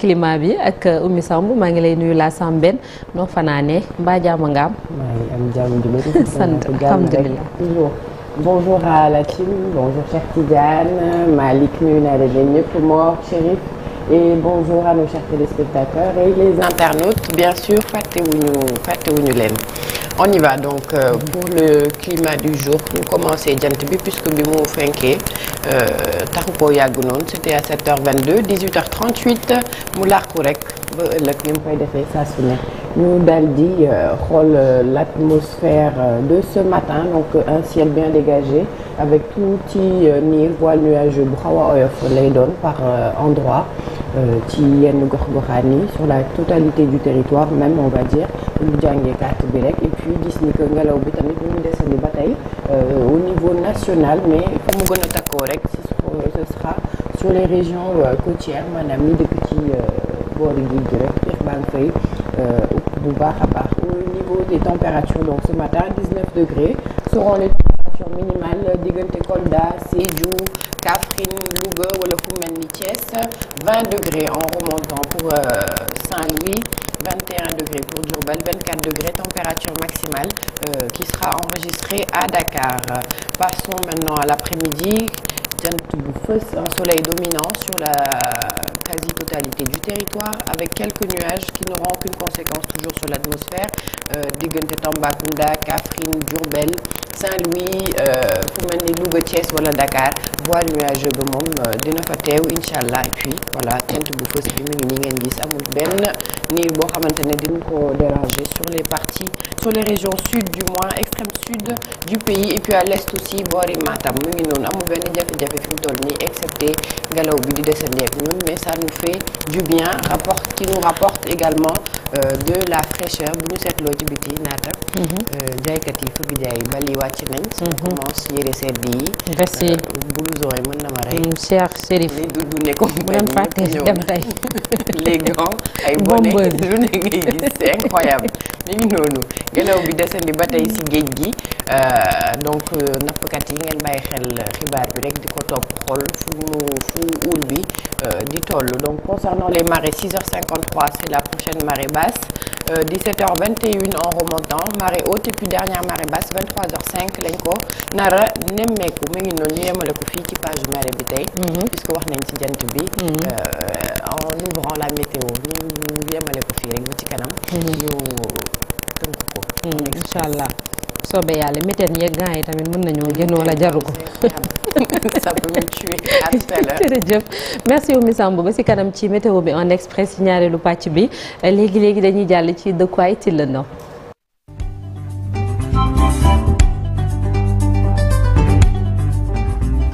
climat bi ak euh, Oumy Samb maa ngi lay nuyu laa noo fanaanee mbaa jàmm nga am. alhamdulilah bonjour à la team bonjour Cheikh Tidiane Malick nuyu naa leen ñëpp Mor Chérif. et bonjour à nos chers téléspectateurs et les leen on y donc euh, pour le climat commencé jant bi puisque bi mu fenkee euh, taxu koo yàgg noonu c'était à 7h22 18h38 mu làqu rek ba ëllëg ni koy defee saa daal di euh, xool euh, l'atmosphère de ce matin donc un ciel bien dégagé xaw a oyof lay doon Euh, ci yenn gox-goxaan yi sur la totalité du territoire même on va dire ñu jàngee carte bi rek et puis gis ni que ngelaw bi tamit ñu ngi desandi ba tey euh, au niveau national mais fu mu a takkoo rek ce sera sur les régions euh, côtières maanaam yi dëkk ci boori géej gi rek Pierre baa bu baax a baax au niveau des températures donc ce matin 19 degrés seront les températures minimales diggante Kolda Sédhiou Kaffrine Louga Bargny-Thiès 20 degrés en remontant pour euh, Saint-Louis degrés pour Diourbel degrés température maximale euh, qui sera enregistrée à Dakar passons maintenant à l'après-midi jant bu un soleil dominant sur la quasi-totalité du territoire avec quelques nuages qui n'auront aucune conséquence sur l'atmosphère euh, diggante Tambacounda Kaffrine Diourbel Saint-Louis fu euh, mel ni Louga Thiès wala Dakar voie nuageux ba moom euh, dina fa teew incha allah et puis voilà tent bu fës mu ngi nii ngeen gis amul benn niir boo xamante ne dina ko déranger sur les parties sur les régions sud du moins extrême sud du pays et puis à l'est aussi boori Matam mu ngi noonu amul benn jafe-jafe fi mu toll nii excepté ngelaw bi di desandi ak ñun mais ça nous fait du bien rapport qui nous rapporte également. Euh, de la fraîcheur bu ñu seetloo ci biti naata. Mhm. Euh, jaaykat yi fëgg jaay yi bali wàcc nañ. Mhm. su ma commence yére sedd yi. merci blouson yi euh, mën na ma rey. Mm, Cheikh Chérif li ne ko. bu leen fàtte dem tey. les gants ay bonnet lu ne ngay gis c'est incroyable. mi ngi noonu ngelaw bi desandi ba tey si géej gi euh, donc euh, nappkat yi ngeen bàyyi xel xibaar bi rek di ko topp xool fu mu fu uul bi euh, di toll donc concernant les marées 6h53 c'est la prochaine marée basse 17h21 en remontant marée haute et puis dernière marée basse 23h05 lañ ko nara nemmeeku mi ngi noonu ñu yemale ko fii ci page marée bi tey. Mhm. puisque wax nañ ci jant bi. Mhm. en ouvrant la météo ñu yemale ko fii rek bu ci kanam. Mhm. macha allah yàlla météo yeeg gants yi tamit mën nañoo jënd wala jaru ko. jërëjëf merci Oumy Samb ba si kanam ci météo bi un express ci ñaareelu pàcc bi léegi léegi dañuy jàll ci dëkkuwaay Tile Ndao.